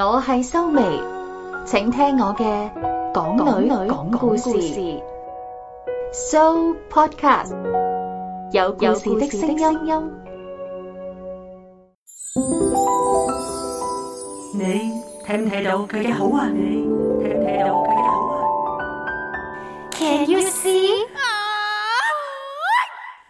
我係修眉，請聽我嘅港女講故事，So Podcast 有故事的聲音。你睇唔睇到佢嘅好啊？你睇唔睇到佢嘅好啊？Can you see?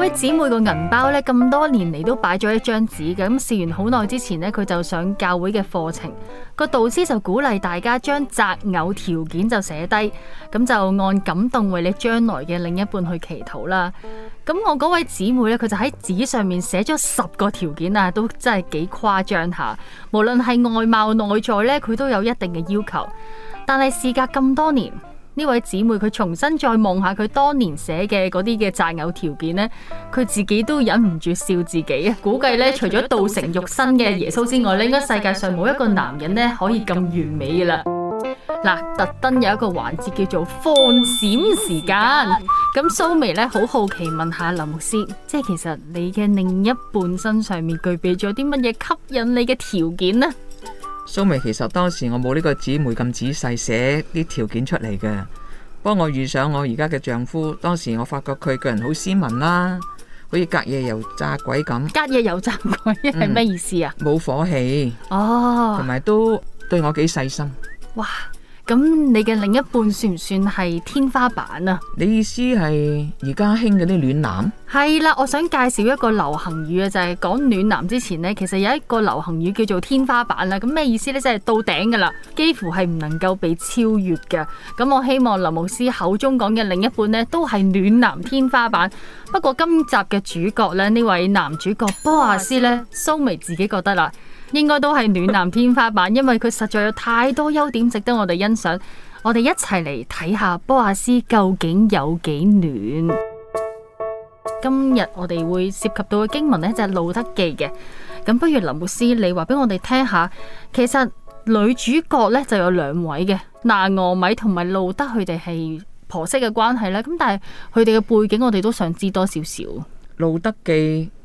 位姊妹個銀包咧，咁多年嚟，都擺咗一張紙嘅。咁試完好耐之前呢，佢就上教會嘅課程，個導師就鼓勵大家將擇偶條件就寫低，咁就按感動為你將來嘅另一半去祈禱啦。咁我嗰位姊妹咧，佢就喺紙上面寫咗十個條件啊，都真係幾誇張下，無論係外貌內在咧，佢都有一定嘅要求，但係事隔咁多年。呢位姊妹佢重新再望下佢當年寫嘅嗰啲嘅擇偶條件咧，佢自己都忍唔住笑自己啊！估計咧，除咗道成肉身嘅耶穌之外，咧應該世界上冇一個男人咧可以咁完美噶啦。嗱， 特登有一個環節叫做放閃時間，咁蘇 眉咧好好奇問下林牧師，即係其實你嘅另一半身上面具備咗啲乜嘢吸引你嘅條件咧？蘇眉，其實當時我冇呢個姊妹咁仔細寫啲條件出嚟嘅，幫我遇上我而家嘅丈夫，當時我發覺佢個人好斯文啦、啊，好似隔夜油炸鬼咁。隔夜油炸鬼係咩、嗯、意思啊？冇火氣。哦。同埋都對我幾細心。哇！咁你嘅另一半算唔算係天花板啊？你意思係而家興嗰啲暖男？係啦，我想介紹一個流行語啊，就係、是、講暖男之前呢，其實有一個流行語叫做天花板啦。咁咩意思呢？即、就、係、是、到頂噶啦，幾乎係唔能夠被超越嘅。咁我希望林牧師口中講嘅另一半呢，都係暖男天花板。不過今集嘅主角咧，呢位男主角波阿斯呢，蘇眉自己覺得啦。應該都係暖男天花板，因為佢實在有太多優點值得我哋欣賞。我哋一齊嚟睇下波亞斯究竟有幾暖。今日我哋會涉及到嘅經文呢，就係、是、路德記嘅。咁不如林牧師，你話俾我哋聽下，其實女主角呢就有兩位嘅，娜俄米同埋路德，佢哋係婆媳嘅關係啦。咁但係佢哋嘅背景，我哋都想知多少少。《路德記》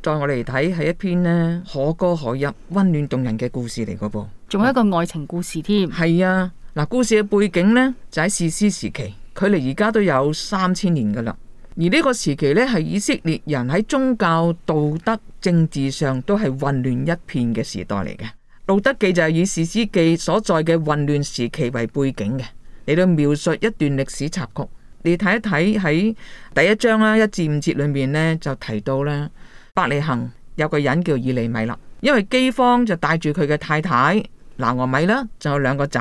在我哋嚟睇係一篇呢可歌可泣、溫暖動人嘅故事嚟噶噃，仲有一個愛情故事添。係啊，嗱，故事嘅背景呢就喺士師時期，距離而家都有三千年噶啦。而呢個時期呢係以色列人喺宗教、道德、政治上都係混亂一片嘅時代嚟嘅。《路德記》就係以士師記所在嘅混亂時期為背景嘅，嚟到描述一段歷史插曲。你睇一睇喺第一章啦，一至五節裏面呢，就提到啦。伯利恆有個人叫以利米勒，因為飢荒，就帶住佢嘅太太拿俄米啦，仲有兩個仔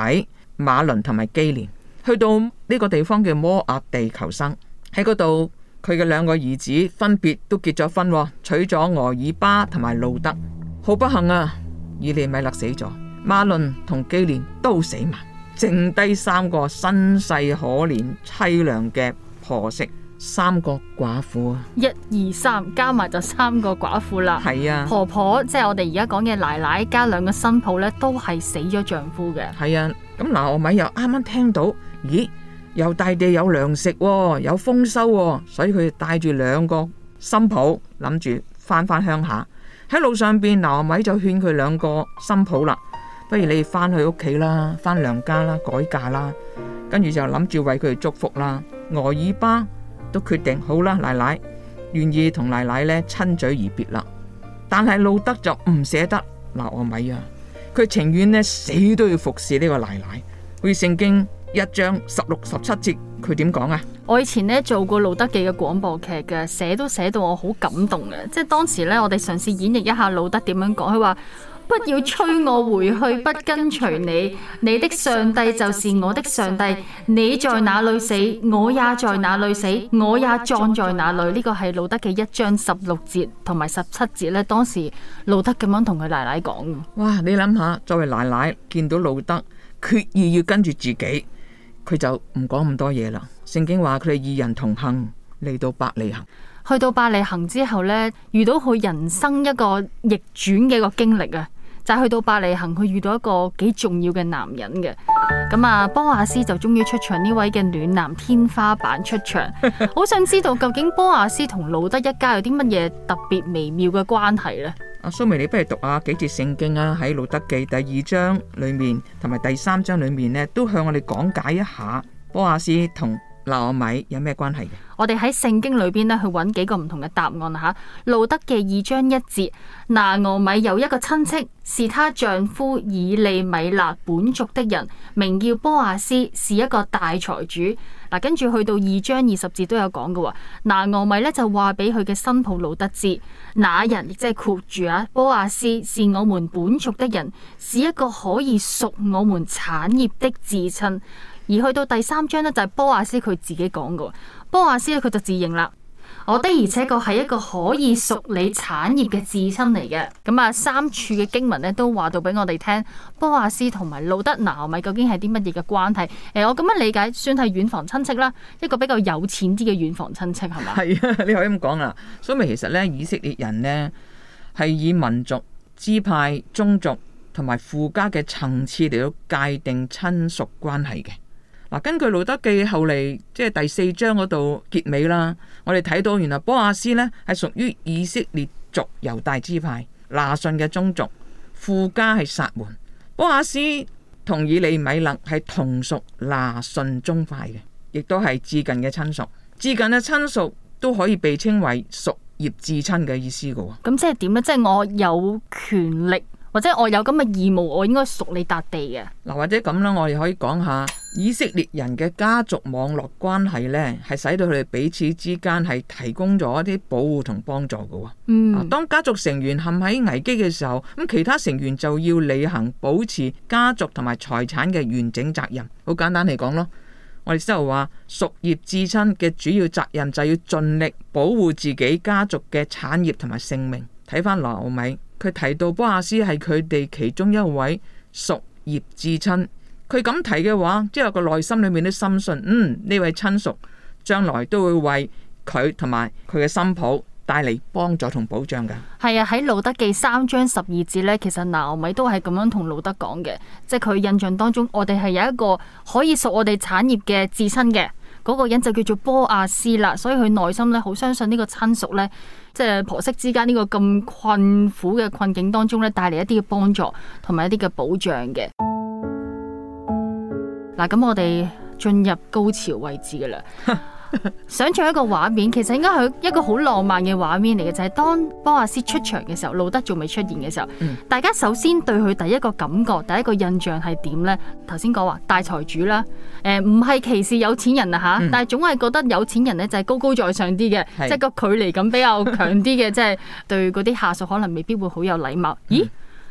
馬倫同埋基連，去到呢個地方叫摩押地求生。喺嗰度，佢嘅兩個兒子分別都結咗婚，娶咗俄爾巴同埋路德。好不幸啊，以利米勒死咗，馬倫同基連都死埋。剩低三個身世可憐、淒涼嘅婆媳，三個寡婦啊！一、二、三，加埋就三個寡婦啦。係啊，婆婆即係我哋而家講嘅奶奶，加兩個新抱呢，都係死咗丈夫嘅。係啊，咁拿俄米又啱啱聽到，咦，又大地有糧食喎，有豐收喎，所以佢帶住兩個新抱，諗住返返鄉下。喺路上邊，拿俄米就勸佢兩個新抱啦。不如你哋返去屋企啦，返娘家啦，改嫁啦，跟住就諗住為佢哋祝福啦。俄、呃、爾巴都決定好啦，奶奶願意同奶奶咧親嘴而別啦。但係路德就唔捨得嗱，我米啊，佢情願呢死都要服侍呢個奶奶。好似聖經一章十六十七節，佢點講啊？我以前呢做過路德記嘅廣播劇嘅，寫都寫到我好感動嘅，即係當時咧我哋嘗試演繹一下路德點樣講，佢話。不要催我回去，不跟隨你。你的上帝就是我的上帝。你在哪裏死，我也在哪裏死，死，我也葬在哪裏。呢個係路德嘅一章十六節同埋十七節咧。當時路德咁樣同佢奶奶講。哇！你諗下，作為奶奶見到路德決意要跟住自己，佢就唔講咁多嘢啦。聖經話佢哋二人同行嚟到伯利恆，去到伯利恆之後咧，遇到佢人生一個逆轉嘅一個經歷啊！就去到伯利恆，佢遇到一個幾重要嘅男人嘅。咁啊，波阿斯就終於出場呢位嘅暖男天花板出場，好想知道究竟波阿斯同路得一家有啲乜嘢特別微妙嘅關係呢？阿蘇眉，你不如讀下幾節聖經啊，喺路得記第二章裏面，同埋第三章裏面呢，都向我哋講解一下波阿斯同。嗱，拿俄米有咩關係？我哋喺聖經裏邊咧，去揾幾個唔同嘅答案吓。路德嘅二章一節，拿俄米有一個親戚，是她丈夫以利米勒本族的人，名叫波阿斯，是一個大財主。嗱，跟住去到二章二十字都有講嘅。拿俄米咧就話俾佢嘅新抱路德知，那人亦即係括住啊，波阿斯是我們本族的人，是一個可以屬我們產業的至親。而去到第三章呢就係波亞斯佢自己講嘅。波亞斯咧，佢就自認啦，我的而且確係一個可以熟理產業嘅至親嚟嘅。咁啊，三處嘅經文呢都話到俾我哋聽，波亞斯同埋路德拿米究竟係啲乜嘢嘅關係？誒，我咁樣理解，算係遠房親戚啦，一個比較有錢啲嘅遠房親戚是，係咪？係啊，你可以咁講啦。所以咪其實呢，以色列人呢係以民族、支派、宗族同埋父家嘅層次嚟到界定親屬關係嘅。根據《路得記》後嚟即係第四章嗰度結尾啦。我哋睇到原來波亞斯呢係屬於以色列族猶大支派拿順嘅宗族，父家係撒門。波亞斯同以利米勒係同屬拿順宗派嘅，亦都係至近嘅親屬。至近嘅親屬都可以被稱為贖業至親嘅意思嘅喎。咁即係點呢？即係我有權力，或者我有咁嘅義務，我應該贖你笪地嘅嗱。或者咁啦，我哋可以講下。以色列人嘅家族網絡關係呢，係使到佢哋彼此之間係提供咗一啲保護同幫助嘅。嗯、啊，當家族成員陷喺危機嘅時候，咁其他成員就要履行保持家族同埋財產嘅完整責任。好簡單嚟講咯，我哋之後話，屬業至親嘅主要責任就要盡力保護自己家族嘅產業同埋性命。睇翻羅奧米，佢提到波亞斯係佢哋其中一位屬業至親。佢咁提嘅話，即係個內心裏面都深信，嗯，呢位親屬將來都會為佢同埋佢嘅新抱帶嚟幫助同保障㗎。係啊，喺路德記三章十二節呢，其實拿俄米都係咁樣同路德講嘅，即係佢印象當中，我哋係有一個可以屬我哋產業嘅至親嘅嗰個人，就叫做波亞斯啦。所以佢內心呢，好相信呢個親屬呢，即係婆媳之間呢個咁困苦嘅困境當中呢，帶嚟一啲嘅幫助同埋一啲嘅保障嘅。嗱，咁我哋進入高潮位置嘅啦。想象一個畫面，其實應該係一個好浪漫嘅畫面嚟嘅，就係、是、當波亞斯出場嘅時候，路德仲未出現嘅時候，嗯、大家首先對佢第一個感覺、第一個印象係點呢？頭先講話大財主啦，誒唔係歧視有錢人啊嚇，但係總係覺得有錢人呢，就係高高在上啲嘅，即係個距離感比較強啲嘅，即係是對嗰啲下屬可能未必會好有禮貌。咦？嗯、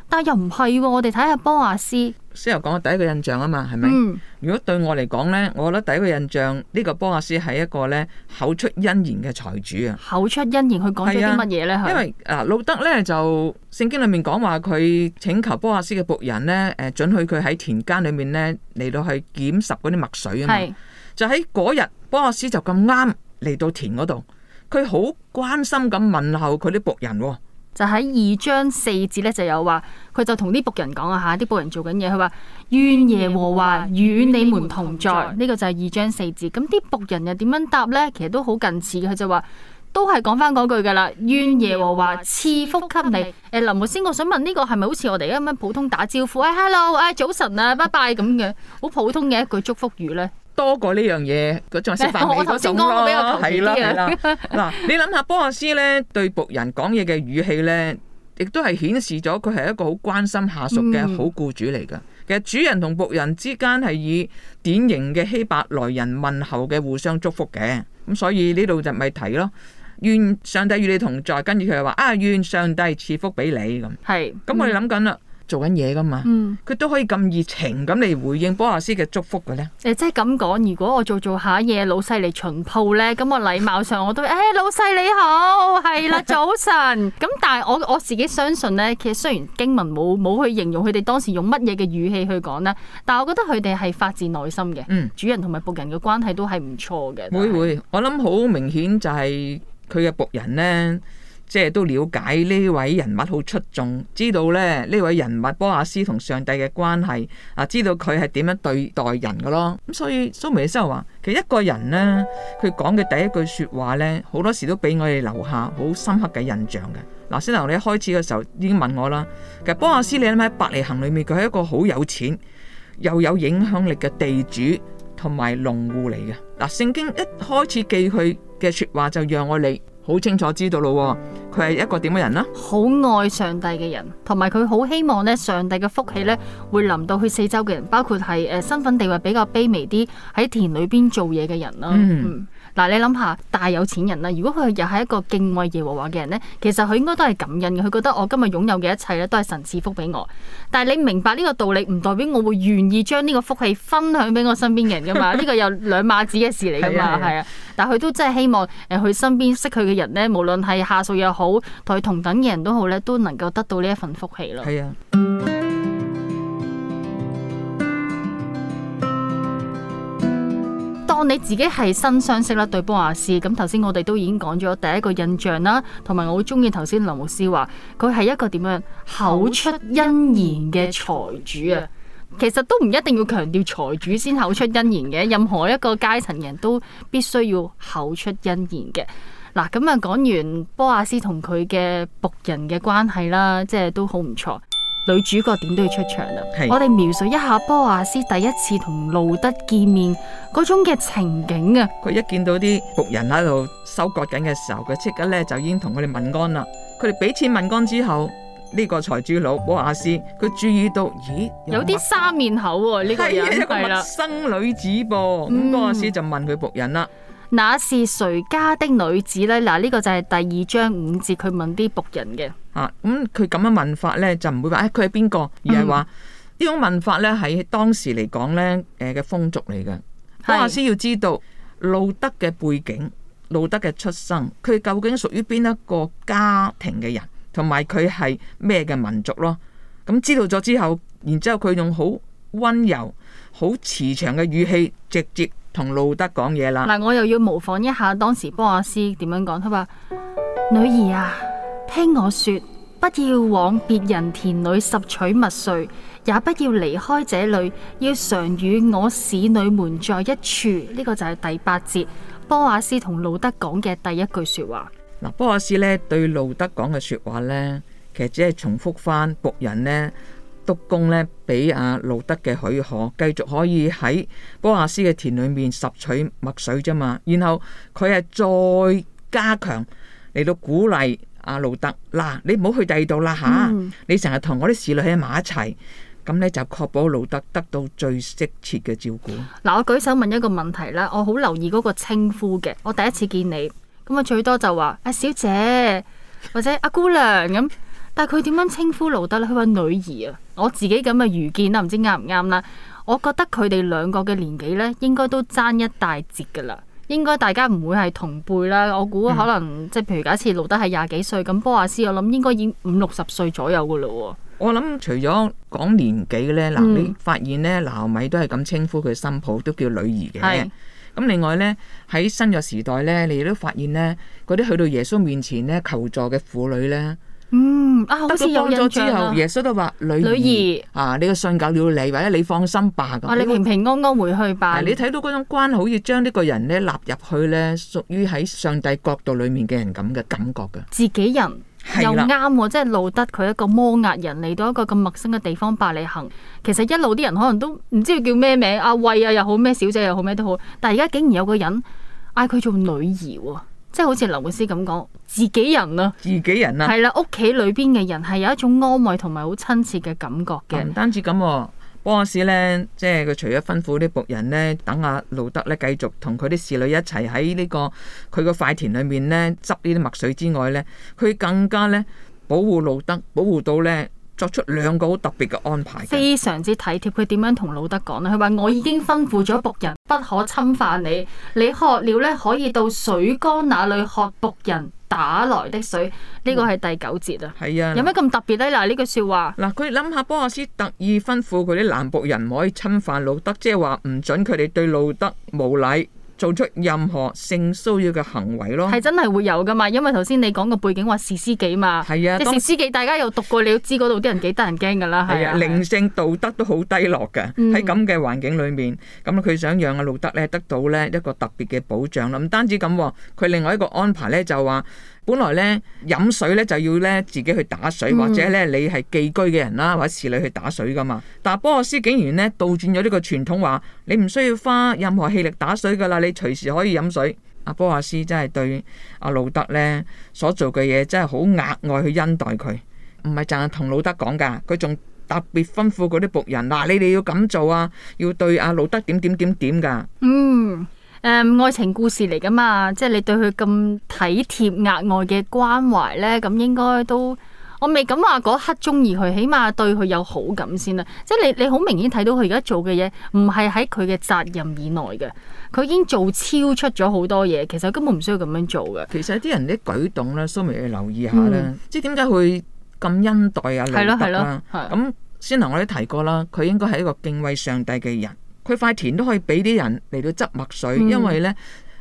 但係又唔係喎，我哋睇下波亞斯。先又講第一個印象啊嘛，係咪？嗯、如果對我嚟講呢，我覺得第一個印象呢、呢個波亞斯係一個呢口出恩言嘅財主啊。口出恩言，佢講咗啲乜嘢呢、啊？因為嗱，路德呢就聖經裏面講話，佢請求波亞斯嘅僕人呢，誒準許佢喺田間裏面呢嚟到去撿拾嗰啲麥穗。啊嘛。是就喺嗰日，波亞斯就咁啱嚟到田嗰度，佢好關心咁問候佢啲僕人、哦。就喺二章四節咧，就有他就跟、啊、他話佢就同啲僕人講啊吓，啲僕人做緊嘢，佢話願耶和華與你們同在，呢個就係二章四節。咁啲僕人又點樣答呢？其實都好近似，佢就説都說話都係講翻嗰句噶啦，願耶和華賜福給你。誒、嗯，林牧師，我想問呢個係咪好似我哋一樣普通打招呼？誒、哎、hello，誒、哎，早晨啊，拜拜咁嘅，好普通嘅一句祝福語呢。多過呢樣嘢，嗰種係食飯味嗰種咯。啦嗱， 你諗下，波亞斯呢對僕人講嘢嘅語氣呢，亦都係顯示咗佢係一個好關心下屬嘅好僱主嚟噶。嗯、其實主人同僕人之間係以典型嘅希伯來人問候嘅互相祝福嘅。咁所以呢度就咪提咯。願上帝與你同在，跟住佢又話啊，願上帝賜福俾你咁。係。咁、嗯、我哋諗緊啦。做緊嘢㗎嘛？嗯，佢都可以咁熱情咁嚟回應波亞斯嘅祝福嘅咧。誒，即係咁講，如果我做做下嘢，老細嚟巡鋪咧，咁我禮貌上我都誒，老細你好，係啦，早晨。咁但係我我自己相信咧，其實雖然經文冇冇去形容佢哋當時用乜嘢嘅語氣去講咧，但係我覺得佢哋係發自內心嘅。嗯，主人同埋僕人嘅關係都係唔錯嘅。會會，我諗好明顯就係佢嘅僕人咧。即係都了解呢位人物好出眾，知道呢位人物波亞斯同上帝嘅關係啊，知道佢係點樣對待人嘅咯。咁所以蘇美爾修話，其實一個人呢，佢講嘅第一句說話呢，好多時都俾我哋留下好深刻嘅印象嘅。嗱、啊，先頭你一開始嘅時候已經問我啦，其實波亞斯你諗喺伯利恆裏面，佢係一個好有錢又有影響力嘅地主同埋農戶嚟嘅。嗱、啊，聖經一開始記佢嘅說話就讓我哋。好清楚知道咯，佢係一個點嘅人啦，好愛上帝嘅人，同埋佢好希望呢，上帝嘅福氣呢會臨到去四周嘅人，包括係誒身份地位比較卑微啲喺田裏邊做嘢嘅人啦。嗯嗯嗱、啊，你諗下大有錢人啦，如果佢又係一個敬畏耶和華嘅人呢，其實佢應該都係感恩嘅。佢覺得我今日擁有嘅一切咧，都係神賜福俾我。但係你明白呢個道理，唔代表我會願意將呢個福氣分享俾我身邊嘅人噶嘛？呢 個有兩碼子嘅事嚟噶嘛？係啊，啊啊啊但係佢都真係希望誒，佢身邊識佢嘅人呢，無論係下屬又好，同佢同等嘅人都好呢，都能夠得到呢一份福氣咯。係啊。你自己係新相識啦，對波亞斯。咁頭先我哋都已經講咗第一個印象啦，同埋我好中意頭先林牧師話佢係一個點樣口出恩言嘅財主啊。其實都唔一定要強調財主先口出恩言嘅，任何一個階層人都必須要口出恩言嘅。嗱，咁啊，講完波亞斯同佢嘅僕人嘅關係啦，即係都好唔錯。女主角點都要出場啦！是我哋描述一下波亞斯第一次同路德見面嗰種嘅情景啊！佢一見到啲僕人喺度收割緊嘅時候，佢即刻咧就已經同佢哋問安啦。佢哋俾錢問安之後，呢、這個財主佬波亞斯佢注意到，咦，有啲生面口呢、啊這個嘢係啦，啊啊、陌生女子噃、啊，咁波亞斯就問佢僕人啦。那是誰家的女子呢？嗱，呢個就係第二章五節，佢問啲僕人嘅。啊，咁佢咁樣問法呢，就唔會話誒，佢係邊個，而係話呢種問法呢，喺當時嚟講呢誒嘅風俗嚟嘅。我先要知道路德嘅背景、路德嘅出生，佢究竟屬於邊一個家庭嘅人，同埋佢係咩嘅民族咯？咁、嗯、知道咗之後，然之後佢用好溫柔、好慈祥嘅語氣，直接同路德講嘢啦，嗱、啊，我又要模仿一下當時波亞斯點樣講，佢話：女兒啊，聽我說，不要往別人田裡拾取麥穗，也不要離開這裡，要常與我使女們在一處。呢、這個就係第八節波亞斯同路德講嘅第一句說話。嗱，波亞斯呢對路德講嘅說話呢，其實只係重複翻僕人呢。督工咧，俾阿路德嘅許可，繼續可以喺波亞斯嘅田裏面拾取墨水啫嘛。然後佢係再加強嚟到鼓勵阿路德嗱，你唔好去第二度啦嚇，啊嗯、你成日同我啲侍女喺埋一齊，咁咧就確保路德得到最適切嘅照顧。嗱，我舉手問一個問題啦，我好留意嗰個稱呼嘅，我第一次見你咁啊，最多就話阿、啊、小姐或者阿、啊、姑娘咁。但係佢點樣稱呼路德咧？佢話女兒啊，我自己咁嘅愚見啦，唔知啱唔啱啦。我覺得佢哋兩個嘅年紀咧，應該都爭一大截噶啦。應該大家唔會係同輩啦。我估可能即係、嗯、譬如假設路德係廿幾歲，咁波亞斯我諗應該已經五六十歲左右噶啦，啊。我諗除咗講年紀咧，嗱、嗯、你發現咧，拿米都係咁稱呼佢新抱，都叫女兒嘅。咁是另外咧，喺新約時代咧，你都發現咧，嗰啲去到耶穌面前咧求助嘅婦女咧。嗯，啊，好似有咗之後啦。耶穌都話，女兒,女兒啊，你個信救了你，或者你放心吧。啊，樣你平平安安回去吧、啊。你睇到嗰種關好似將呢個人咧納入去咧，屬於喺上帝國度裏面嘅人咁嘅感覺噶。自己人是的又啱，即係路得佢一個摩押人嚟到一個咁陌生嘅地方伯利恆，其實一路啲人可能都唔知佢叫咩名，阿衛啊又好咩小姐又好咩都好，但係而家竟然有個人嗌佢做女兒喎。即係好似劉慧斯咁講，自己人啊，自己人啊，係啦、啊，屋企裏邊嘅人係有一種安慰同埋好親切嘅感覺嘅。唔、嗯、單止咁喎 b o s 即係佢除咗吩咐啲僕人呢，等阿、啊、路德呢繼續同佢啲侍女一齊喺呢個佢個塊田裏面呢執呢啲墨水之外呢，佢更加呢保護路德，保護到呢。作出兩個好特別嘅安排，非常之體貼。佢點樣同老德講咧？佢話：我已經吩咐咗僕人不可侵犯你，你渴了呢，可以到水缸那裏喝僕人打來的水。呢個係第九節啊。係啊、嗯，有咩咁特別呢？嗱，呢句説話，嗱，佢諗下波阿斯特意吩咐佢啲男僕人唔可以侵犯老德，即係話唔准佢哋對老德無禮。做出任何性騷擾嘅行為咯，係真係會有噶嘛？因為頭先你講個背景話《士師記》嘛，係啊，即係《士師記》，大家有讀過，你都知嗰度啲人幾得人驚噶啦，係啊，啊啊靈性道德都好低落嘅，喺咁嘅環境裏面，咁佢想讓阿路德咧得到咧一個特別嘅保障啦。唔單止咁、啊，佢另外一個安排咧就話。本來呢，飲水呢就要呢自己去打水，或者呢你係寄居嘅人啦，或者侍女去打水噶嘛。但係波阿斯竟然呢倒轉咗呢個傳統話，話你唔需要花任何氣力打水噶啦，你隨時可以飲水。阿波阿斯真係對阿、啊、路德呢所做嘅嘢真係好額外去恩待佢，唔係淨係同路德講噶，佢仲特別吩咐嗰啲僕人嗱、啊，你哋要咁做啊，要對阿、啊、路德點點點點噶。嗯。誒、嗯，愛情故事嚟噶嘛？即係你對佢咁體貼、額外嘅關懷咧，咁應該都我未敢話嗰刻中意佢，起碼對佢有好感先啦。即係你你好明顯睇到佢而家做嘅嘢，唔係喺佢嘅責任以內嘅，佢已經做超出咗好多嘢。其實佢根本唔需要咁樣做嘅。其實啲人啲舉動咧，蘇眉你留意下咧。即係點解佢咁恩待阿、啊、路得啦、啊？咁先頭我都提過啦，佢應該係一個敬畏上帝嘅人。佢塊田都可以俾啲人嚟到執墨水，嗯、因為呢，誒、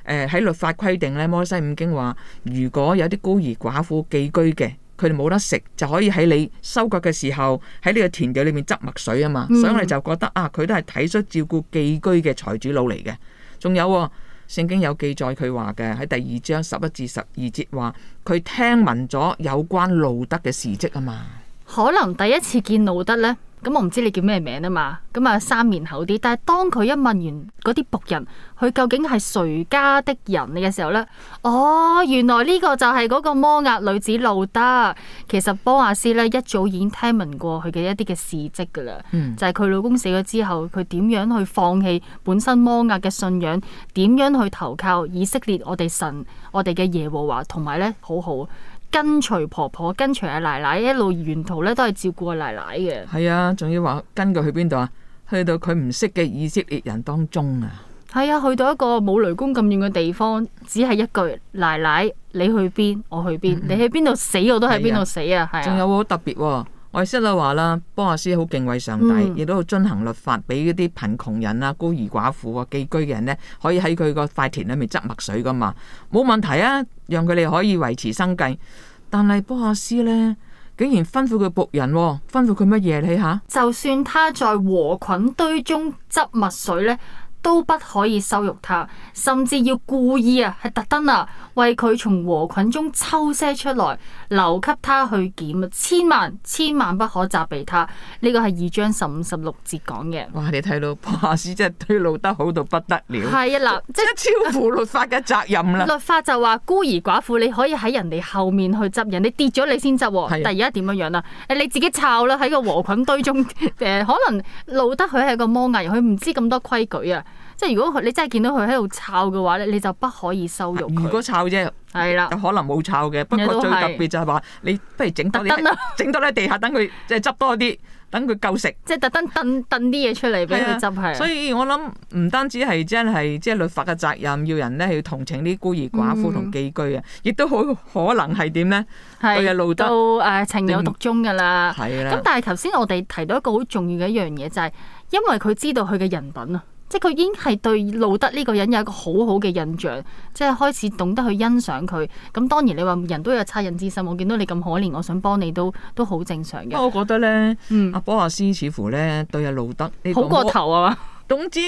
呃、喺律法規定呢《摩西五經》話，如果有啲孤兒寡婦寄居嘅，佢哋冇得食，就可以喺你收割嘅時候喺你個田地裏面執墨水啊嘛，嗯、所以我哋就覺得啊，佢都係體恤照顧寄居嘅財主佬嚟嘅。仲有、哦、聖經有記載佢話嘅喺第二章十一至十二節話，佢聽聞咗有關路德嘅事蹟啊嘛，可能第一次見路德呢。咁我唔知你叫咩名啊嘛，咁啊三年後啲。但係當佢一問完嗰啲僕人，佢究竟係誰家的人嘅時候呢？哦，原來呢個就係嗰個摩押女子路得。其實波亞斯呢一早已經聽聞過佢嘅一啲嘅事蹟噶啦，嗯、就係佢老公死咗之後，佢點樣去放棄本身摩押嘅信仰，點樣去投靠以色列我哋神，我哋嘅耶和華，同埋呢好好。跟隨婆婆，跟隨阿奶奶一路沿途咧，都係照顧阿奶奶嘅。係啊，仲要話跟佢去邊度啊？去到佢唔識嘅以色列人當中啊！係啊，去到一個冇雷公咁遠嘅地方，只係一句奶奶，你去邊，我去邊，嗯，你去邊度死我都喺邊度死啊！係啊，係啊，仲有好特別啊。我師啦話啦，波亞斯好敬畏上帝，亦都好遵行律法，俾嗰啲貧窮人啊、孤兒寡婦啊、寄居嘅人咧，可以喺佢個塊田裏面執麥穗噶嘛，冇問題啊，讓佢哋可以維持生計。但係波亞斯咧，竟然吩咐佢僕人啊，吩咐佢乜嘢你下啊？就算他在禾捆堆中執麥穗咧，都不可以羞辱他，甚至要故意啊，係特登啊，為佢從禾捆中抽些出來，留給他去撿。啊，千萬千萬不可責備他。呢個係二章十五、十六節講嘅。哇，你睇到波阿斯真係推路得好到不得了。係啊，嗱，即係超乎律法嘅責任啦。律法就話孤兒寡婦你可以喺人哋後面去執人，你跌咗你先執。是的但係而家點樣樣啊？誒，你自己抄啦，喺個禾捆堆中誒，可能路得佢係個摩押，佢唔知咁多規矩啊。即係如果你真係見到佢喺度抄嘅話咧，你就不可以羞辱佢。如果抄啫，係啦，可能冇抄嘅。不過最特別就係話，你不如整多啲，整多咧地下等佢，即係執多啲，等佢夠食。即係特登掟啲嘢出嚟俾佢執係。所以我諗唔單止係即係即係律法嘅責任，要人咧要同情啲孤兒寡婦同寄居啊，亦都好可能係點咧？係都誒情有獨鍾噶啦。係啦。咁但係頭先我哋提到一個好重要嘅一樣嘢，就係因為佢知道佢嘅人品啊。即係佢已經係對路德呢個人有一個好好嘅印象，即係開始懂得去欣賞佢。咁當然你話人都有惻隱之心，我見到你咁可憐，我想幫你都都好正常嘅。不過我覺得咧，嗯、阿波阿斯似乎咧對阿路德好過頭啊！總之。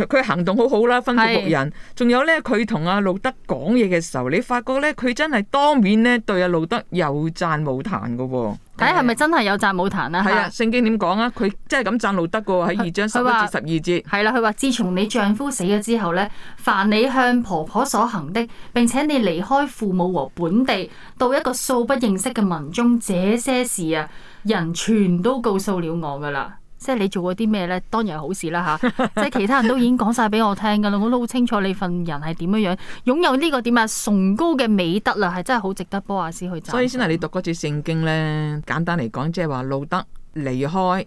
佢行動好好啦，吩咐僕人，仲是有呢，佢同阿路德講嘢嘅時候，你發覺呢，佢真係當面呢對阿路德有讚冇彈嘅喎。睇係咪真係有讚冇彈啊？係是是啊，聖經點講啊？佢真係咁讚路德嘅喎，喺二章十一至十二節。係啦，佢話節：自從你丈夫死咗之後呢，凡你向婆婆所行的，並且你離開父母和本地，到一個素不認識嘅民中，這些事啊，人全都告訴了我嘅啦。即係你做過啲咩呢？當然係好事啦吓！即係其他人都已經講晒俾我聽噶啦， 我都好清楚你份人係點樣樣，擁有呢個點啊崇高嘅美德啦，係真係好值得波亞斯去。所以先係你讀嗰次聖經呢，簡單嚟講，即係話路德離開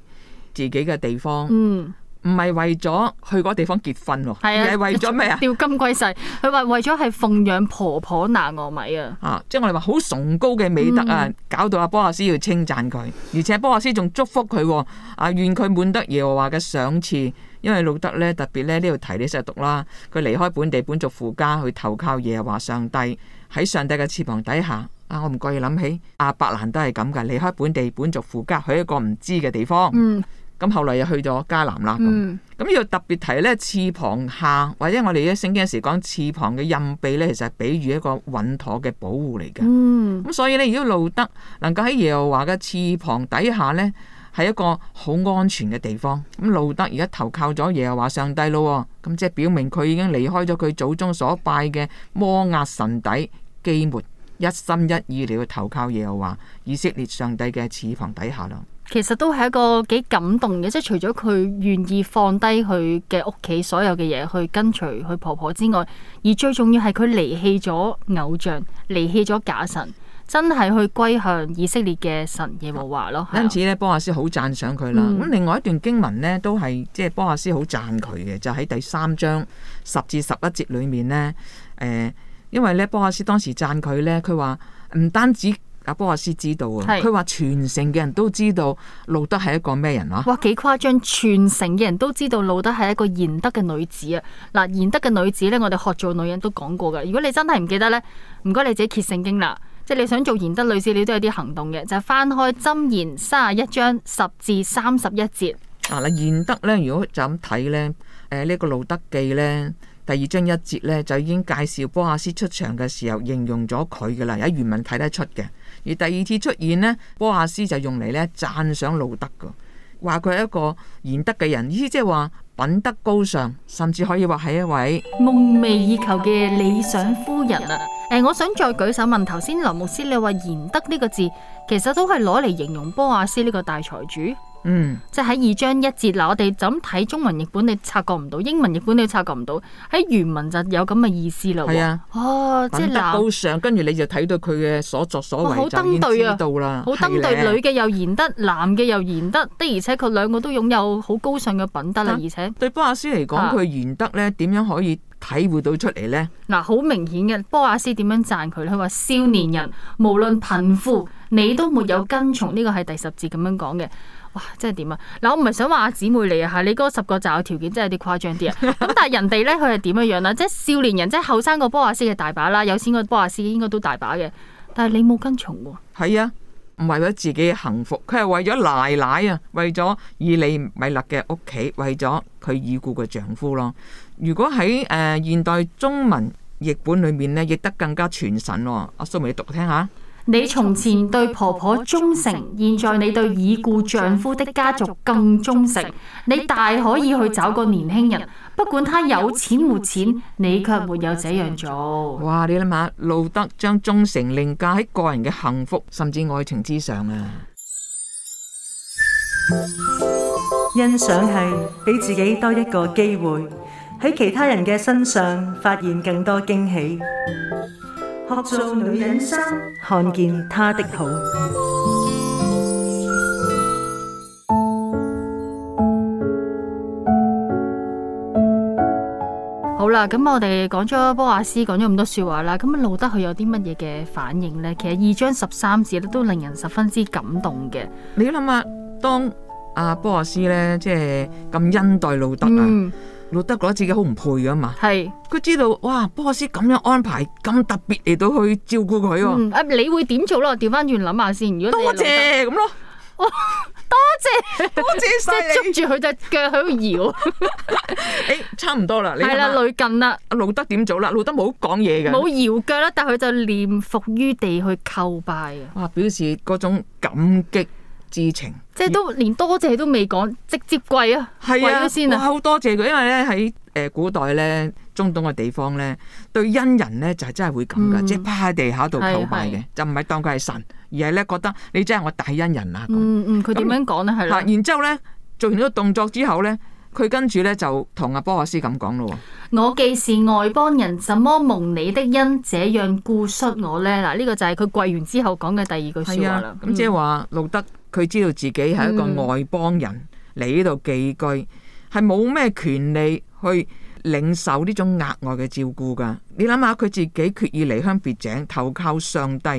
自己嘅地方。嗯。唔係為咗去嗰個地方結婚喎，係為咗咩啊？釣金龜婿？佢話為咗係奉養婆婆拿俄米啊！啊，即係我哋話好崇高嘅美德啊，嗯、搞到阿波亞斯要稱讚佢，而且波亞斯仲祝福佢喎，啊願佢滿得耶和華嘅賞賜。因為路德咧特別咧呢度提你識讀啦，佢離開本地本族父家去投靠耶和華上帝喺上帝嘅翅膀底下，啊我唔覺意諗起阿伯、啊、蘭都係咁噶，離開本地本族父家去一個唔知嘅地方。嗯咁後來又去咗迦南啦，咁、嗯、要特別提呢，翅膀下或者我哋喺聖經時講翅膀嘅蔭庇呢，其實係比喻一個穩妥嘅保護嚟嘅。咁、嗯、所以呢，如果路德能夠喺耶和華嘅翅膀底下呢，係一個好安全嘅地方。咁路德而家投靠咗耶和華上帝咯，咁即係表明佢已經離開咗佢祖宗所拜嘅摩押神底基末，沒一心一意嚟去投靠耶和華以色列上帝嘅翅膀底下啦。其實都係一個幾感動嘅，即係除咗佢願意放低佢嘅屋企所有嘅嘢，去跟隨佢婆婆之外，而最重要係佢離棄咗偶像，離棄咗假神，真係去歸向以色列嘅神耶和華咯。因此咧，波亞斯好讚賞佢啦。咁、嗯、另外一段經文呢，都係即係波亞斯好讚佢嘅，就喺第三章十至十一節裏面呢。誒、呃，因為咧波亞斯當時讚佢咧，佢話唔單止。阿波亞斯知道啊！佢話是全城嘅人都知道路德係一個咩人啊？哇！幾誇張！全城嘅人都知道路德係一個賢德嘅女子啊！嗱，賢德嘅女子咧，我哋學做女人都講過噶。如果你真係唔記得咧，唔該你自己揭聖經啦。即係你想做賢德女士，你都有啲行動嘅，就係翻開《箴言》三十一章十至三十一節。嗱，賢德咧，如果就咁睇咧，誒呢個路德記咧第二章一節咧，就已經介紹波亞斯出場嘅時候形容咗佢嘅啦，有原文睇得出嘅。而第二次出現呢，波亞斯就用嚟咧讚賞魯德噶，話佢係一個賢德嘅人，意思即係話品德高尚，甚至可以話係一位夢寐以求嘅理想夫人啊！誒、啊欸，我想再舉手問頭先林牧師，你話賢德呢個字，其實都係攞嚟形容波亞斯呢個大財主？嗯，即係喺二章一節嗱，我哋就睇中文譯本，你察覺唔到；英文譯本你察覺唔到，喺原文就有咁嘅意思啦。係啊，即係立到上，跟住男你就睇到佢嘅所作所為哇，好登對啊！好、啊嗯、登對，女嘅又賢德，男嘅又賢德的，而且佢兩個都擁有好高尚嘅品德啦。啊、而且對波亞斯嚟講，佢賢、啊、德咧點樣可以體會到出嚟咧？嗱、啊，好明顯嘅波亞斯點樣讚佢？佢話少年人無論貧富，你都沒有跟從呢、這個係第十節咁樣講嘅。哇！真係點啊？嗱，我唔係想話阿姊妹嚟啊，嚇你嗰十個擇偶條件真係有啲誇張啲啊！咁 但係人哋呢，佢係點樣樣、啊、啦？即係少年人，即係後生個波阿斯嘅大把啦、啊，有錢個波阿斯應該都大把嘅。但係你冇跟從喎。係啊，唔、啊、為咗自己幸福，佢係為咗奶奶啊，為咗以利米勒嘅屋企，為咗佢已故嘅丈夫咯。如果喺誒、呃、現代中文譯本裏面呢，譯得更加傳神咯。阿、啊、蘇美你讀聽下。你從前對婆婆忠誠，現在你對已故丈夫的家族更忠誠。你大可以去找個年輕人，不管他有錢沒錢，你卻沒有這樣做。哇！你諗下，路德將忠誠凌駕喺個人嘅幸福甚至愛情之上啊！欣賞係俾自己多一個機會，喺其他人嘅身上發現更多驚喜。學做女人心，看見他的好。的好啦，咁我哋講咗波亞斯講咗咁多說話啦，咁路德佢有啲乜嘢嘅反應咧？其實二章十三節咧都令人十分之感動嘅。你諗下，當阿波亞斯咧即係咁恩待路德啊。嗯路德覺得自己好唔配啊嘛，係佢知道哇，波斯咁樣安排咁特別嚟到去照顧佢喎，啊，你會點做咯？調翻轉諗下先，如果你係路德，多謝咁咯，哇，多謝多謝，捉住佢隻腳喺度搖，哎，差唔多啦，係啦，累近啦，阿路德點做啦？路德冇講嘢嘅，冇搖腳啦，但係佢就廉服於地去叩拜啊，哇，表示嗰種感激。之情，即係都連多謝都未講，直接跪啊，跪咗先啊！好多謝佢，因為咧喺誒古代咧，中東嘅地方咧，對恩人咧就係真係會咁噶，即係趴喺地下度叩拜嘅，就唔係當佢係神，而係咧覺得你真係我大恩人啊！咁嗯嗯，佢點樣講咧？係啦，然之後咧做完呢個動作之後咧，佢跟住咧就同波阿斯咁講咯。我既是外邦人，怎麼蒙你的恩這固，這樣顧恤我咧？嗱，呢個就係佢跪完之後講嘅第二句說話啦。咁、啊嗯、即係話路德。佢知道自己係一個外邦人嚟呢度寄居，係冇咩權利去領受呢種額外嘅照顧噶。你諗下，佢自己決意離鄉別井，投靠上帝，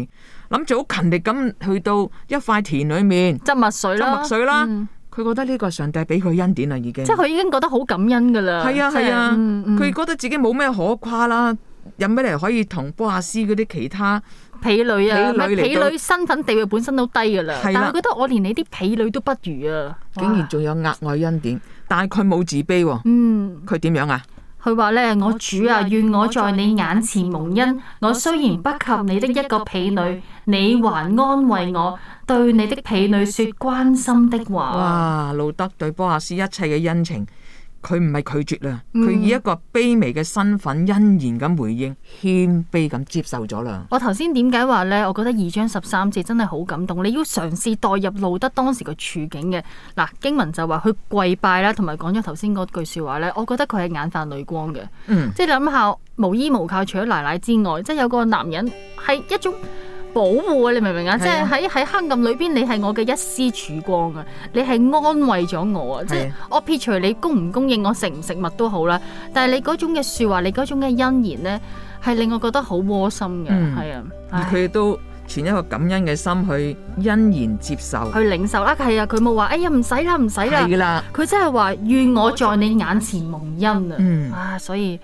諗住好勤力咁去到一塊田裏面執墨水啦，執墨水啦。佢、嗯、覺得呢個係上帝俾佢恩典啦，已經。即係佢已經覺得好感恩噶啦。係啊係啊，佢覺得自己冇咩可誇啦，有咩嚟可以同波亞斯嗰啲其他。婢女啊，婢女，婢女身份地位本身都低噶啦，的但係我覺得我連你啲婢女都不如啊！竟然仲有額外恩典，哇但係佢冇自卑，哦。嗯，佢點樣啊？佢話咧，我主啊，願我在你眼前蒙恩。我雖然不及你的一個婢女，你還安慰我，對你的婢女說關心的話。哇！路得對波亞斯一切嘅恩情。佢唔係拒絕啦，佢以一個卑微嘅身份欣然咁回應，謙卑咁接受咗啦。我頭先點解話呢？我覺得二章十三節真係好感動。你要嘗試代入路德當時嘅處境嘅。嗱，經文就話佢跪拜啦，同埋講咗頭先嗰句説話呢，我覺得佢係眼泛淚光嘅。嗯，即係諗下無依無靠，除咗奶奶之外，即係有個男人係一種。保護啊！你明唔明啊？即係喺喺黑暗裏邊，你係我嘅一絲曙光啊！你係安慰咗我啊！即係我撇除你供唔供應我食唔食物都好啦，但係你嗰種嘅説話，你嗰種嘅恩言咧，係令我覺得好窩心嘅。係啊，佢都存一個感恩嘅心去欣然接受，去領受啦。係啊，佢冇話哎呀唔使啦，唔使啦。係啦，佢真係話願我在你眼前蒙恩啊！啊，所以。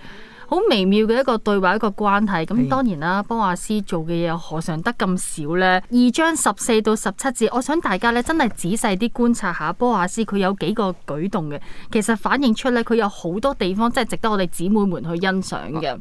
好微妙嘅一個對話，一個關係。咁當然啦，波亞斯做嘅嘢何嘗得咁少呢？二章十四到十七節，我想大家咧真係仔細啲觀察下波亞斯，佢有幾個舉動嘅，其實反映出咧佢有好多地方真係值得我哋姊妹們去欣賞嘅。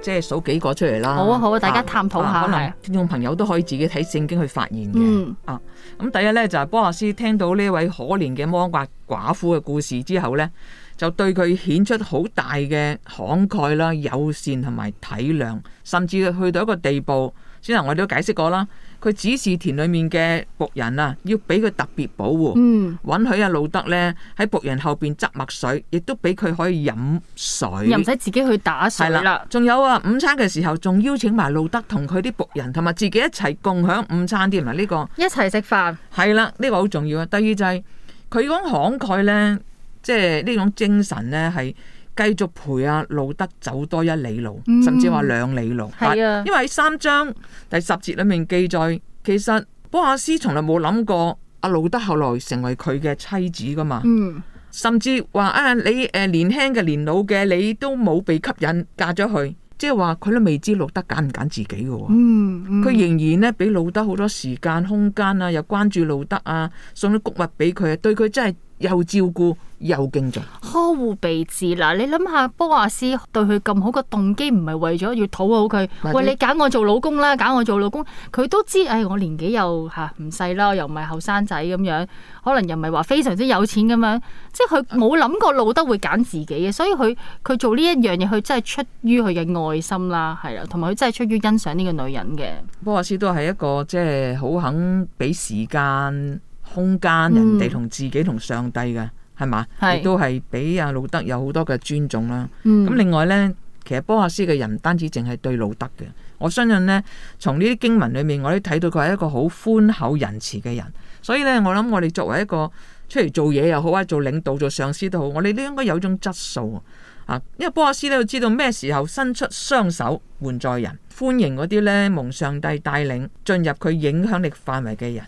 即係、啊就是、數幾個出嚟啦。好啊，好啊，大家探討下、啊啊。可能聽眾朋友都可以自己睇聖經去發現嘅。嗯、啊，咁、嗯、第一呢，就係、是、波亞斯聽到呢位可憐嘅摩押寡，寡，寡婦嘅故事之後呢。就對佢顯出好大嘅慷慨啦、友善同埋體諒，甚至去到一個地步，之前我哋都解釋過啦。佢指示田裏面嘅僕人啊，要俾佢特別保護，嗯、允許阿路德呢，喺僕人後面執墨水，亦都俾佢可以飲水，唔使自己去打水啦。仲有啊，午餐嘅時候仲邀請埋路德同佢啲僕人同埋自己一齊共享午餐添啊！呢、呢個一齊食飯係啦，呢、呢個好重要啊。第二就係佢講慷慨呢。即係呢種精神呢，係繼續陪阿、啊、路德走多一里路，嗯、甚至話兩里路。係啊、嗯，因為喺三章第十節裏面記載，其實波亞斯從來冇諗過阿、啊、路德後來成為佢嘅妻子噶嘛。嗯、甚至話啊，你誒、啊、年輕嘅年老嘅，你都冇被吸引嫁咗去。即係話佢都未知路德揀唔揀自己嘅、嗯。嗯，佢仍然呢，俾路德好多時間空間啊，又關注路德啊，送啲穀物俾佢啊，對佢真係。又照顧又敬重，呵護備至。嗱，你諗下，波亞斯對佢咁好嘅動機，唔係為咗要討好佢。喂，你揀我做老公啦，揀我做老公。佢都知，唉、哎，我年紀又嚇唔細啦，啊、又唔係後生仔咁樣，可能又唔係話非常之有錢咁樣。即係佢冇諗過老得會揀自己嘅，所以佢佢做呢一樣嘢，佢真係出於佢嘅愛心啦，係啦，同埋佢真係出於欣賞呢個女人嘅。波亞斯都係一個即係好肯俾時間。空間人哋同自己同、嗯、上帝嘅係嘛，是亦都係俾阿路德有好多嘅尊重啦。咁、嗯、另外呢，其實波阿斯嘅人唔單止淨係對路德嘅，我相信呢，從呢啲經文裏面，我都睇到佢係一個好寬厚仁慈嘅人。所以呢，我諗我哋作為一個出嚟做嘢又好啊，做領導做上司都好，我哋都應該有種質素啊。因為波阿斯都知道咩時候伸出雙手援助人，歡迎嗰啲呢，蒙上帝帶領進入佢影響力範圍嘅人，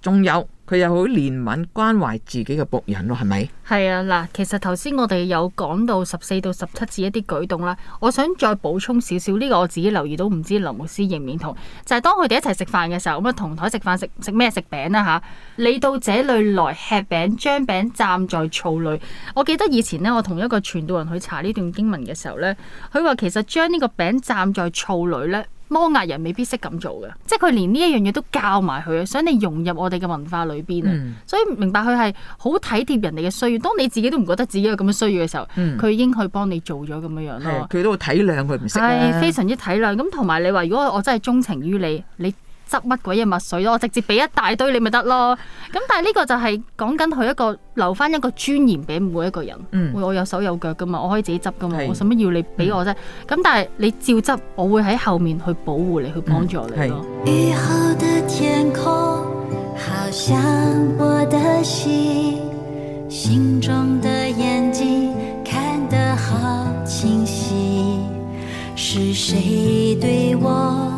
仲有。佢又好憐憫關懷自己嘅僕人咯，係咪？係啊，嗱，其實頭先我哋有講到十四到十七節一啲舉動啦，我想再補充少少呢、這個，我自己留意到唔知林牧師認唔認同，就係、是、當佢哋一齊食飯嘅時候，咁啊同台食飯食食咩食餅啦嚇，你到這裡來吃餅，將餅蘸在醋裏。我記得以前呢，我同一個傳道人去查呢段經文嘅時候呢，佢話其實將呢個餅蘸在醋裏呢。摩亞人未必識咁做嘅，即係佢連呢一樣嘢都教埋佢啊，想你融入我哋嘅文化裏邊啊，嗯、所以明白佢係好體貼人哋嘅需要。當你自己都唔覺得自己有咁嘅需要嘅時候，佢、嗯、已經去幫你做咗咁樣樣咯。佢都會體諒佢唔識，係非常之體諒。咁同埋你話，如果我真係鍾情於你，你。執乜鬼嘢墨水咯，我直接俾一大堆你咪得咯。咁但係呢個就係講緊佢一個留返一個尊嚴俾每一個人。嗯，我有手有腳噶嘛，我可以自己執噶嘛，是我使乜要你俾我啫？咁、嗯、但係你照執，我會喺後面去保護你，去幫助你咯。嗯、雨後的天空，好像我的心，心中的眼睛看得好清晰，是誰對我？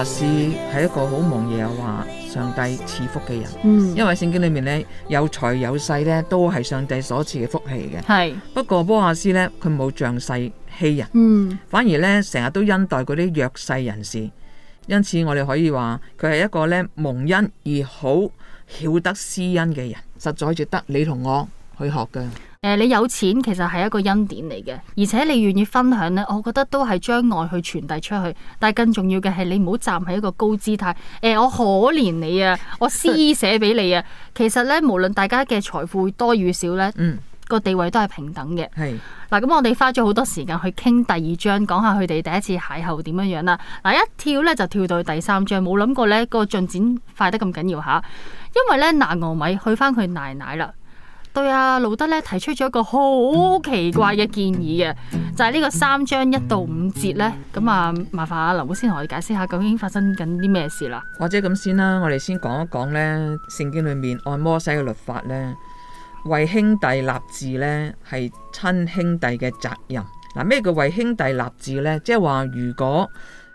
阿師係一個好蒙耶和華上帝賜福嘅人，嗯、因為聖經裏面呢，有財有勢呢都係上帝所賜嘅福氣嘅。係是不過波亞斯呢，佢冇仗勢欺人，嗯、反而呢成日都恩待嗰啲弱勢人士，因此我哋可以話佢係一個呢蒙恩而好曉得施恩嘅人，實在值得你同我去學嘅。誒、呃，你有錢其實係一個恩典嚟嘅，而且你願意分享呢，我覺得都係將愛去傳遞出去。但係更重要嘅係，你唔好站喺一個高姿態。誒、呃，我可憐你啊，我施捨俾你啊。 其實呢，無論大家嘅財富多與少呢，個、嗯、地位都係平等嘅。嗱是，咁、呃、我哋花咗好多時間去傾第二章，講下佢哋第一次邂逅點樣樣啦。嗱、呃，一跳呢就跳到第三章，冇諗過呢、嗰個進展快得咁緊要吓，因為呢，嗱，俄米去返佢奶奶啦。對啊，路德咧提出咗一個好奇怪嘅建議嘅，嗯、就係呢個三章一到五節呢。咁、嗯嗯、啊麻煩阿林老師同我哋解釋一下，究竟發生緊啲咩事啦？或者咁先啦，我哋先講一講呢聖經裏面按摩西嘅律法呢，為兄弟立志呢係親兄弟嘅責任。嗱，咩叫為兄弟立志呢？即係話如果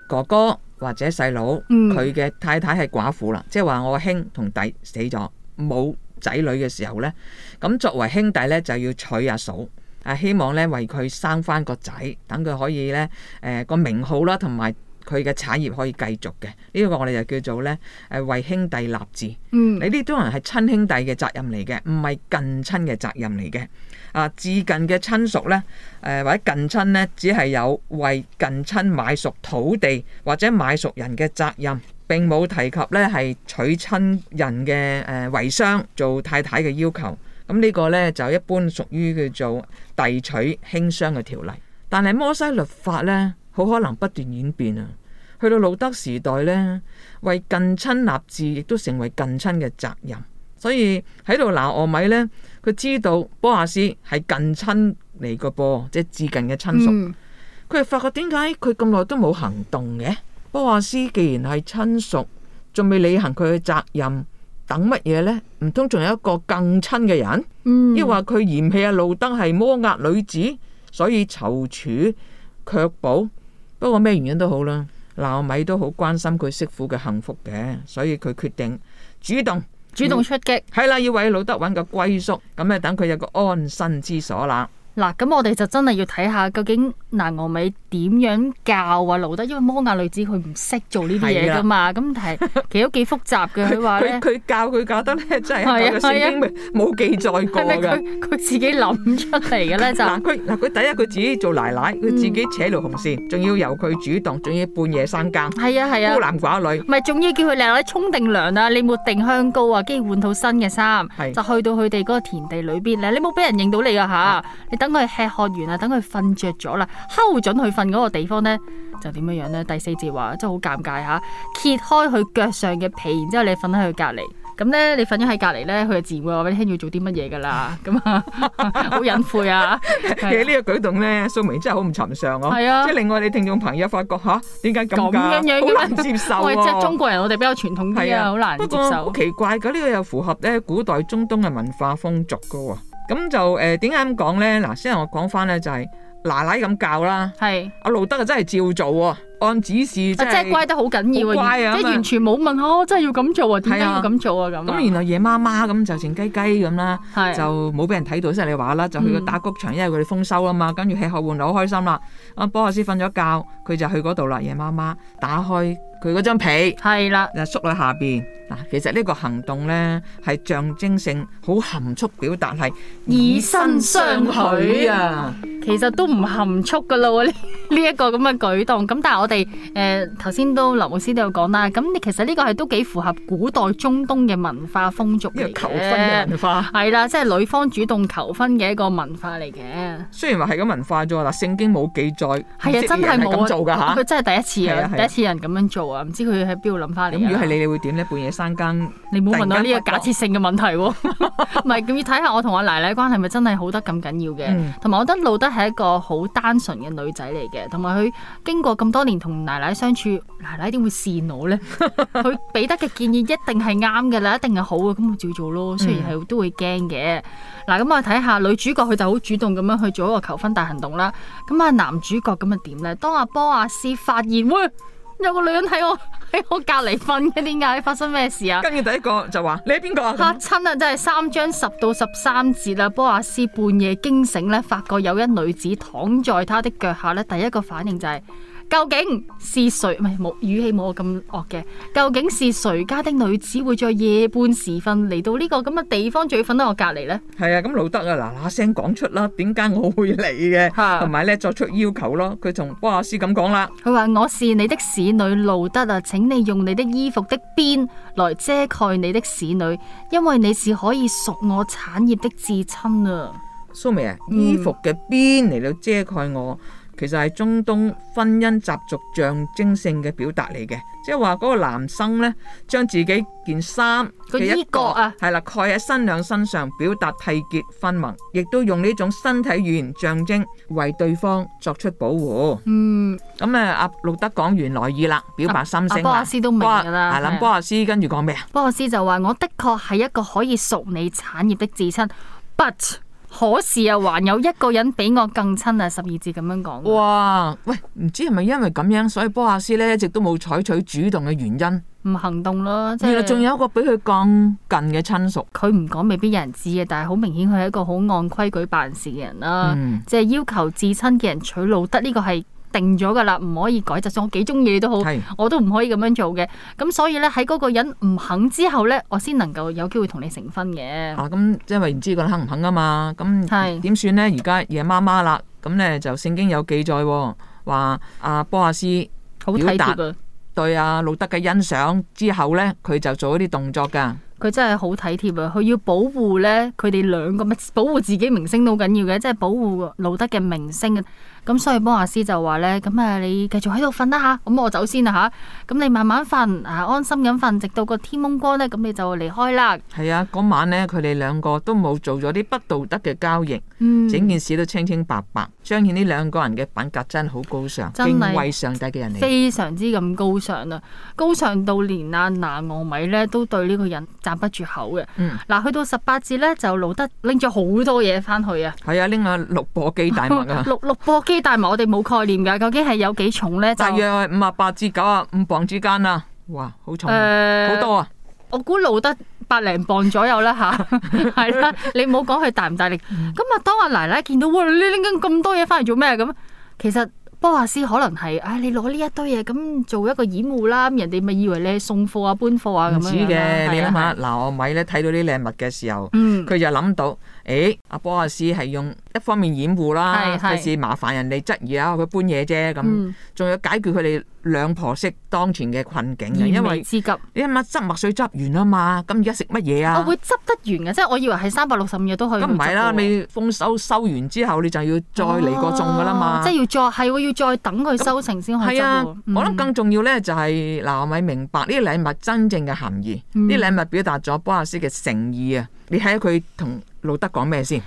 哥哥或者細佬，佢嘅、嗯、太太係寡婦啦，即係話我兄同弟，弟死咗冇。沒有仔女嘅時候呢，咁作為兄弟呢，就要娶阿嫂，啊希望呢為佢生翻個仔，等佢可以呢誒、呃、個名號啦，同埋佢嘅產業可以繼續嘅。呢、呢個我哋就叫做呢，誒為兄弟立志。嗯、你呢種人係親兄弟嘅責任嚟嘅，唔係近親嘅責任嚟嘅。啊，至近嘅親屬呢，誒、呃、或者近親呢，只係有為近親買贖土地或者買贖人嘅責任。並冇提及咧，係娶親人嘅誒遺孀做太太嘅要求。咁、這、呢個呢，就一般屬於叫做弟娶輕孀嘅條例。但係摩西律法呢，好可能不斷演變啊。去到路德時代呢，為近親立志亦都成為近親嘅責任。所以喺度拿俄米呢，佢知道波亞斯係近親嚟個噃，即係至近嘅親屬。佢又、嗯、發覺點解佢咁耐都冇行動嘅？波阿斯既然係親屬，仲未履行佢嘅責任，等乜嘢呢？唔通仲有一個更親嘅人？亦話佢嫌棄阿路德係摩押女子，所以躊躇卻步。不過咩原因都好啦，納俄米都好關心佢媳婦嘅幸福嘅，所以佢決定主動主動出擊。係啦、嗯，要為路德揾個歸宿，咁咧等佢有個安身之所啦。嗱，咁我哋就真係要睇下究竟納俄米。點樣教啊，路得，因為摩亞女子佢唔識做呢啲嘢噶嘛，咁但係其實都幾複雜嘅。佢話咧，佢教佢教得咧，真係個聖經咪冇記載過㗎。係咪佢佢自己諗出嚟㗎咧就？嗱，佢嗱佢第一佢自己做奶奶，佢自己扯路紅線，仲要由佢主動，仲要半夜三更。係啊係啊，孤男寡女。唔係仲要叫佢奶奶沖定涼啊，你抹定香膏啊，跟住換套新嘅衫，就去到佢哋嗰個田地裏邊咧。你冇俾人認到你啊嚇！你等佢吃喝完啦，等佢瞓著咗啦，睺準佢瞓。嗰個地方咧就點樣樣咧？第四節話真係好尷尬吓、啊，揭開佢腳上嘅皮，然之後你瞓喺佢隔籬，咁咧你瞓咗喺隔籬咧，佢就自然會話俾你聽要做啲乜嘢噶啦，咁啊好隱晦啊！其實呢個舉動咧，素明真係好唔尋常哦。係啊，啊即係另外你聽眾朋友發覺吓，點解咁樣樣嘅？好難接受、啊。喂，即係中國人，我哋比較傳統啲啊，好、啊、難接受。好奇怪的，咁、這、呢個又符合咧古代中東嘅文化風俗噶、啊。咁就誒，點解咁講咧？嗱，先我講翻咧，就係、是。奶奶咁教啦，係阿路德啊，真係照做喎。按指示，即係乖得好緊要，啊，即係、啊、完全冇問我、啊哦，真係要咁做，要這樣做啊？點解要咁做啊？咁咁，原來夜媽媽咁就靜雞雞咁啦，就冇俾人睇到，即係你話啦，就去個打谷場，嗯、因為佢哋豐收啦嘛，跟住吃喝玩樂好開心啦、啊。阿、啊、波阿斯瞓咗覺，佢就去嗰度啦。夜媽媽打開佢嗰張被，係啦、啊，就縮喺下邊嗱。其實呢個行動咧係象徵性，好含蓄表達係以身相許啊。其實都唔含蓄噶啦，呢呢一個咁嘅舉動。咁但係我。我哋誒頭先都劉老師都有講啦，咁你其實呢個係都幾符合古代中東嘅文化風俗嘅，係求婚嘅文化係啦，即係女方主動求婚嘅一個文化嚟嘅。雖然話係咁文化啫，嗱聖經冇記載，係的啊，真係冇做啊，佢真係第一次、啊、第一次人咁樣做啊，唔知佢喺邊度諗翻嚟。如果係你，你會點咧？半夜三更，你冇問到呢個假設性嘅問題喎、啊，唔係咁要睇下我同我奶奶關係咪真係好得咁緊要嘅，同埋、嗯、我覺得路得係一個好單純嘅女仔嚟嘅，同埋佢經過咁多年。同奶奶相處，奶奶點會善我呢？佢俾得嘅建議一定係啱嘅啦，一定係好嘅，咁咪照做咯。雖然係都會驚嘅。嗱、嗯、咁、啊、我睇下女主角，佢就好主動咁樣去做一個求婚大行動啦。咁啊，男主角咁啊點呢？當阿波阿斯發現喂，有個女人喺我喺我隔籬瞓嘅，點解你發生咩事啊？跟住第一個就話你係邊個啊？吓親啊！真係三章十到十三節啦。波阿斯半夜驚醒咧，發覺有一女子躺在他的腳下咧，第一個反應就係、是。究竟是誰？唔係冇語氣冇我咁惡嘅。究竟是誰家的女子會在夜半時分嚟到呢個咁嘅地方，仲要瞓喺我隔籬呢？係啊，咁路德啊嗱嗱聲講出啦，點解我會嚟嘅？吓，同埋咧作出要求咯。佢同波亞斯咁講啦。佢話我是你的使女路德啊，請你用你的衣服的邊來遮蓋你的使女，因為你是可以屬我產業的至親啊。蘇美啊，衣服嘅邊嚟到遮蓋我。其實係中東婚姻習俗象徵性嘅表達嚟嘅，即係話嗰個男生呢，將自己件衫佢一角啊，係啦，蓋喺新娘身上，表達締結分盟，亦都用呢種身體語言象徵為對方作出保護。嗯，咁啊，阿路得講完來意啦，表白心聲、啊啊、波阿斯都明噶啦，係啦波阿斯跟住講咩啊？波阿斯,波阿斯就話：我的確係一個可以贖你產業的至親，but 可是又、啊、還有一個人比我更親啊！十二節咁樣講。哇！喂，唔知係咪因為咁樣，所以波亞斯咧一直都冇採取主動嘅原因。唔行動啦。原來仲有一個比佢更近嘅親屬。佢唔講，未必有人知啊！但係好明顯，佢係一個好按規矩辦事嘅人啦。即係、嗯、要求至親嘅人娶路德呢個係。定咗噶啦，唔可以改，就算我幾中意你都好，是我都唔可以咁樣做嘅。咁所以呢，喺嗰個人唔肯之後呢，我先能夠有機會同你成婚嘅。咁即係唔知個肯唔肯啊嘛。咁、嗯、點是算呢？而家夜媽媽啦，咁呢，就聖經有記載，哦，話阿、啊、波阿斯好表達，啊、對阿、啊、路德嘅欣賞之後呢，佢就做一啲動作噶。佢真係好體貼啊！佢要保護呢，佢哋兩個保護自己明星都好緊要嘅，即、就、係、是、保護路德嘅明星。咁所以波亞斯就話咧，咁啊你繼續喺度瞓啦嚇，咁我走先啦吓，咁你慢慢瞓啊，安心咁瞓，直到個天蒙光咧，咁你就離開啦。係啊，嗰晚咧，佢哋兩個都冇做咗啲不道德嘅交易，嗯，整件事都清清白白。彰顯呢兩個人嘅品格真係好高尚，真係敬畏上帝嘅人嚟，非常之咁高尚啊！高尚到連啊拿俄米咧都對呢個人讚不絕口嘅。嗱去到十八節咧，就路得拎咗好多嘢翻去啊。係啊，拎啊六簸箕大麥啊，六六但係我哋冇概念嘅，究竟係有幾重咧？就大約係五啊八至九啊五磅之間啦，哇，好重，啊，好、呃、多啊！我估路得百零磅左右啦吓，係啦， 你唔好講佢大唔大力。咁啊，當阿奶奶見到哇，你拎緊咁多嘢翻嚟做咩咁？其實波阿斯可能係啊、哎，你攞呢一堆嘢咁做一個掩護啦，人哋咪以為你係送貨啊、搬貨啊咁樣嘅，你諗下嗱，我咪咧睇到啲禮物嘅時候，佢、嗯、就諗到。誒，哎、波阿斯係用一方面掩護啦，費事麻煩人哋質疑啊，佢搬嘢啫咁，仲、嗯、要解決佢哋兩婆媳當前嘅困境，燃眉之急。因為你啱執墨水執完啦嘛，咁而家食乜嘢啊？我、啊哦、會執得完嘅，即係我以為係三百六十五日都可以咁，唔係啦，你豐收收完之後，你就要再嚟個種噶啦嘛。啊、即係要再係喎，要再等佢收成先可以執喎。啊嗯、我諗更重要咧就係、是、嗱，咪、啊、明白呢啲禮物真正嘅含義。啲、嗯、禮物表達咗波亞斯嘅誠意啊！你睇佢同路德講咩先？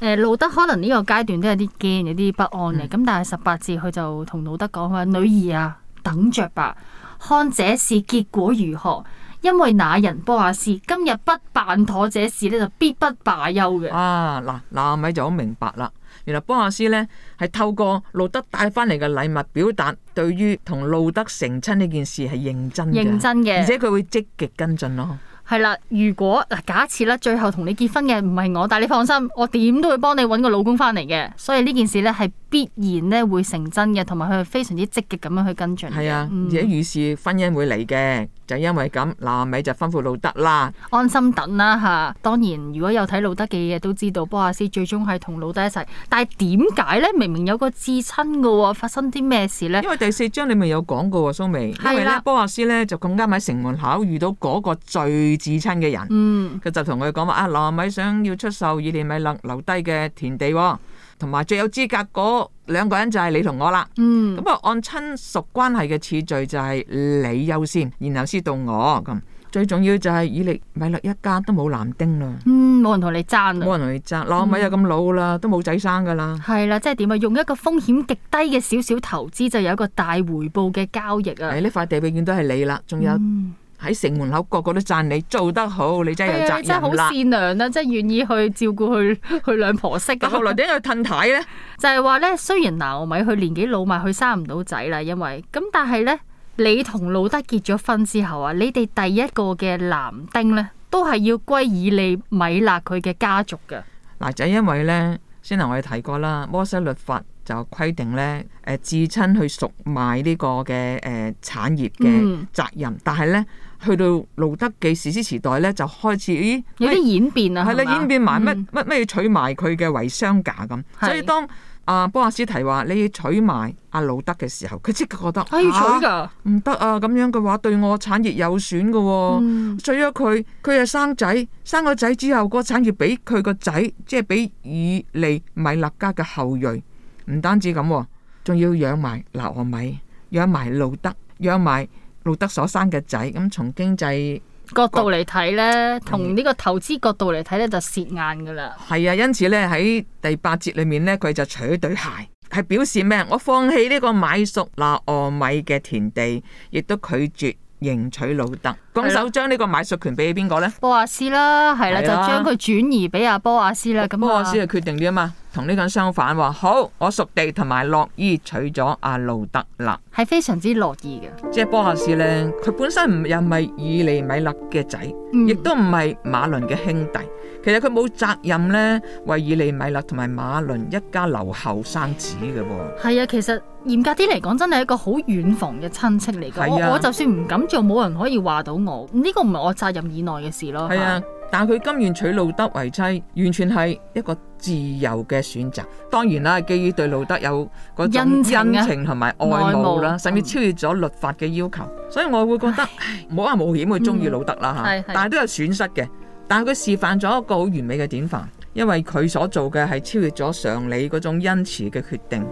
誒，路德可能呢個階段都有啲驚，有啲不安嘅。咁、嗯、但係十八字佢就同路德講話：女兒啊，等着吧，看這事結果如何。因為那人波亞斯今日不辦妥這事呢就必不罷休嘅、啊。啊，嗱、啊，嗱咪就好明白啦。原來波亞斯呢係透過路德帶翻嚟嘅禮物表達對於同路德成親呢件事係認真嘅，認真嘅，而且佢會積極跟進咯。係啦，如果嗱假設最後同你結婚嘅唔係我，但係你放心，我點都會幫你揾個老公翻嚟嘅，所以呢件事呢，係必然呢會成真嘅，同埋佢係非常之積極咁樣去跟進係啊的、嗯、而且預示婚姻會嚟嘅。就因為咁，劉阿米就吩咐路德啦，安心等啦，啊、吓。當然，如果有睇路德嘅嘢，都知道波亞斯最終係同路德一齊。但係點解呢？明明有個至親噶喎，發生啲咩事呢？因為第四章你咪有講噶喎，蘇眉。係呢？的波亞斯呢就咁啱喺城門口遇到嗰個最至親嘅人。嗯，佢就同佢講話，啊，劉阿米想要出售以利米勒留低嘅田地，哦，同埋最有資格嗰。兩個人就係你同我啦，咁啊、嗯、按親屬關係嘅次序就係你優先，先，然後先到我咁。最重要就係以你米略一家都冇男丁啦，嗯，冇人同你，你爭，冇人同你爭，嗱米又咁老啦，都冇仔生噶啦，係啦，即係點啊？用一個風險極低嘅少少投資，就有一個大回報嘅交易啊！誒、哎，呢塊地永遠都係你啦，仲有。嗯喺城門口個個都讚你做得好，你真係有責任啦。係好、哎、善良啦，即係願意去照顧佢。佢兩婆媳。但後來點解要褪軚呢？就係話呢，雖然拿俄米佢年紀老邁，佢生唔到仔啦，因為咁，但係呢，你同老德結咗婚之後啊，你哋第一個嘅男丁呢，都係要歸以利米勒佢嘅家族嘅嗱，就係因為呢，先頭我哋提過啦，摩西律法就規定呢，誒，至親去贖買呢個嘅誒產業嘅責任，嗯、但係呢。去到路德嘅士師時代呢，就開始咦有啲演變啊，係啦是，吧演變埋乜乜乜要娶埋佢嘅遺孀假咁，是所以當阿、呃、波亞斯提話你要娶埋阿路德嘅時候，佢即刻覺得啊要娶㗎，唔得啊！咁、啊、樣嘅話對我產業有損嘅、哦，娶咗佢，佢又生仔，生個仔之後、個產業俾佢個仔，即係俾以利米勒家嘅後裔，唔單止咁、哦，仲要養埋拿俄米，養埋路德，養埋。路德所生嘅仔，咁從經濟角度嚟睇呢，同呢、嗯、個投資角度嚟睇呢，就蝕硬噶啦。係啊，因此呢，喺第八節裏面呢，佢就取咗對鞋，係表示咩？我放棄呢個買贖拿俄米嘅田地，亦都拒絕迎娶路德，拱手將呢個買贖權俾起邊個呢？波亞斯啦，係啦，就將佢轉移俾阿波亞斯啦。咁波亞斯就決定啲啊嘛。同呢個相反話，好，我屬地同埋、啊、樂意娶咗阿路德啦，係非常之樂意嘅。即係波克斯呢，佢本身唔又唔係以利米勒嘅仔，亦都唔係馬倫嘅兄弟。其實佢冇責任呢，為以利米勒同埋馬倫一家留後生子嘅噃、哦。係啊，其實嚴格啲嚟講，真係一個好遠房嘅親戚嚟嘅。啊、我我就算唔噉做，冇人可以話到我呢、嗯呢個唔係我責任以內嘅事咯。係啊。但佢甘願娶路德為妻，完全係一個自由嘅選擇。當然啦，基於對路德有嗰種恩情同埋愛慕啦，慕甚至超越咗律法嘅要求。慕所以我會覺得，唔好話冒險會中意路德啦吓，但係都有損失嘅。但係佢示範咗一個好完美嘅典範，因為佢所做嘅係超越咗常理嗰種恩慈嘅決定。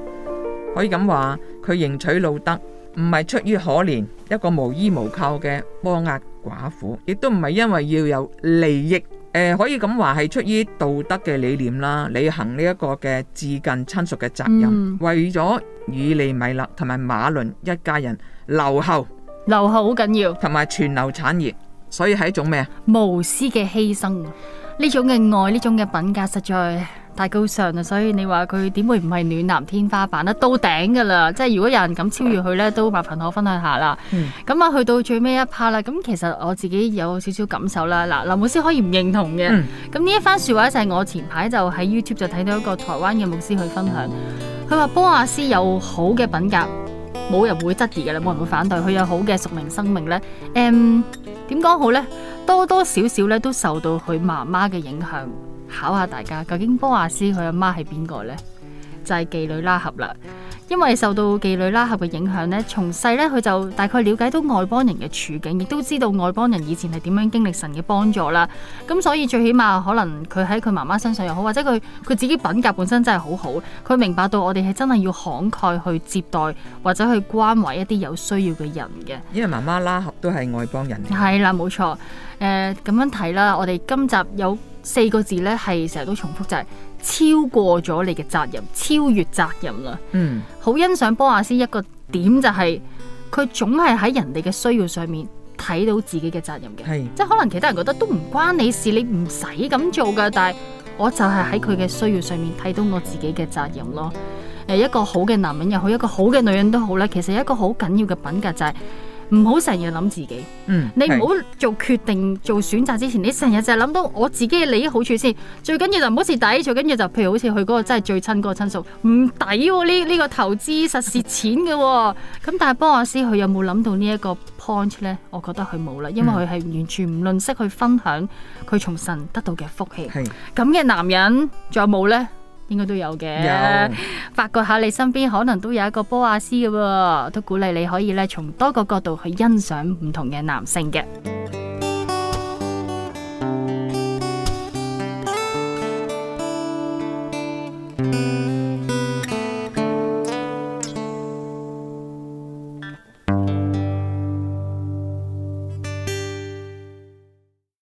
可以咁話，佢迎娶路德唔係出於可憐一個無依無靠嘅摩押寡婦，亦都唔係因為要有利益，誒，可以咁話係出於道德嘅理念啦，履行呢一個嘅至近親屬嘅責任，為咗以利米勒同埋馬倫一家人留後，留後好緊要，同埋傳留產業，所以係一種咩啊？無私嘅犧牲，呢種嘅愛，呢種嘅品格，實在。太高尚，啦，所以你話佢點會唔係暖男天花板咧？都頂噶啦，即係如果有人敢超越佢咧，都麻煩我分享一下啦。咁啊、嗯，去到最尾一 part 啦，咁其實我自己有少少感受啦。嗱，林牧師可以唔認同嘅。咁呢、嗯、一番説話就係我前排就喺 YouTube 就睇到一個台灣嘅牧師去分享，佢話波亞斯有好嘅品格，冇人會質疑嘅啦，冇人會反對。佢有好嘅屬靈生命呢，誒點講好呢？多多少少呢都受到佢媽媽嘅影響。考下大家，究竟波阿斯佢阿媽係邊個呢？就係、是、妓女拉合啦。因為受到妓女拉合嘅影響呢，從細呢佢就大概了解到外邦人嘅處境，亦都知道外邦人以前係點樣經歷神嘅幫助啦。咁所以最起碼可能佢喺佢媽媽身上又好，或者佢佢自己品格本身真係好好。佢明白到我哋係真係要慷慨去接待或者去關懷一啲有需要嘅人嘅。因為媽媽拉合都係外邦人。係啦，冇、呃、錯。誒，咁樣睇啦，我哋今集有。四個字咧，係成日都重複，就係超過咗你嘅責任，超越責任啦。嗯，好欣賞波亞斯一個點就係、是、佢總係喺人哋嘅需要上面睇到自己嘅責任嘅，是即係可能其他人覺得都唔關你事，你唔使咁做噶，但係我就係喺佢嘅需要上面睇到我自己嘅責任咯。誒，一個好嘅男人又好，一個好嘅女人都好咧，其實一個好緊要嘅品格就係、是。唔好成日諗自己，嗯、你唔好做決定，是的 做選擇之前，你成日就係諗到我自己嘅利益好處先。最緊要就唔好蝕底，最緊要就譬如好似佢嗰個真係最親個親屬，唔抵喎呢呢個投資實蝕錢嘅，哦。咁 但係波亞斯佢有冇諗到呢一個 point 咧？我覺得佢冇啦，因為佢係完全唔吝惜去分享佢從神得到嘅福氣。咁嘅是的 男人仲有冇咧？應該都有嘅，有發覺下你身邊可能都有一個波亞斯㗎喎，都鼓勵你可以咧從多個角度去欣賞唔同嘅男性嘅。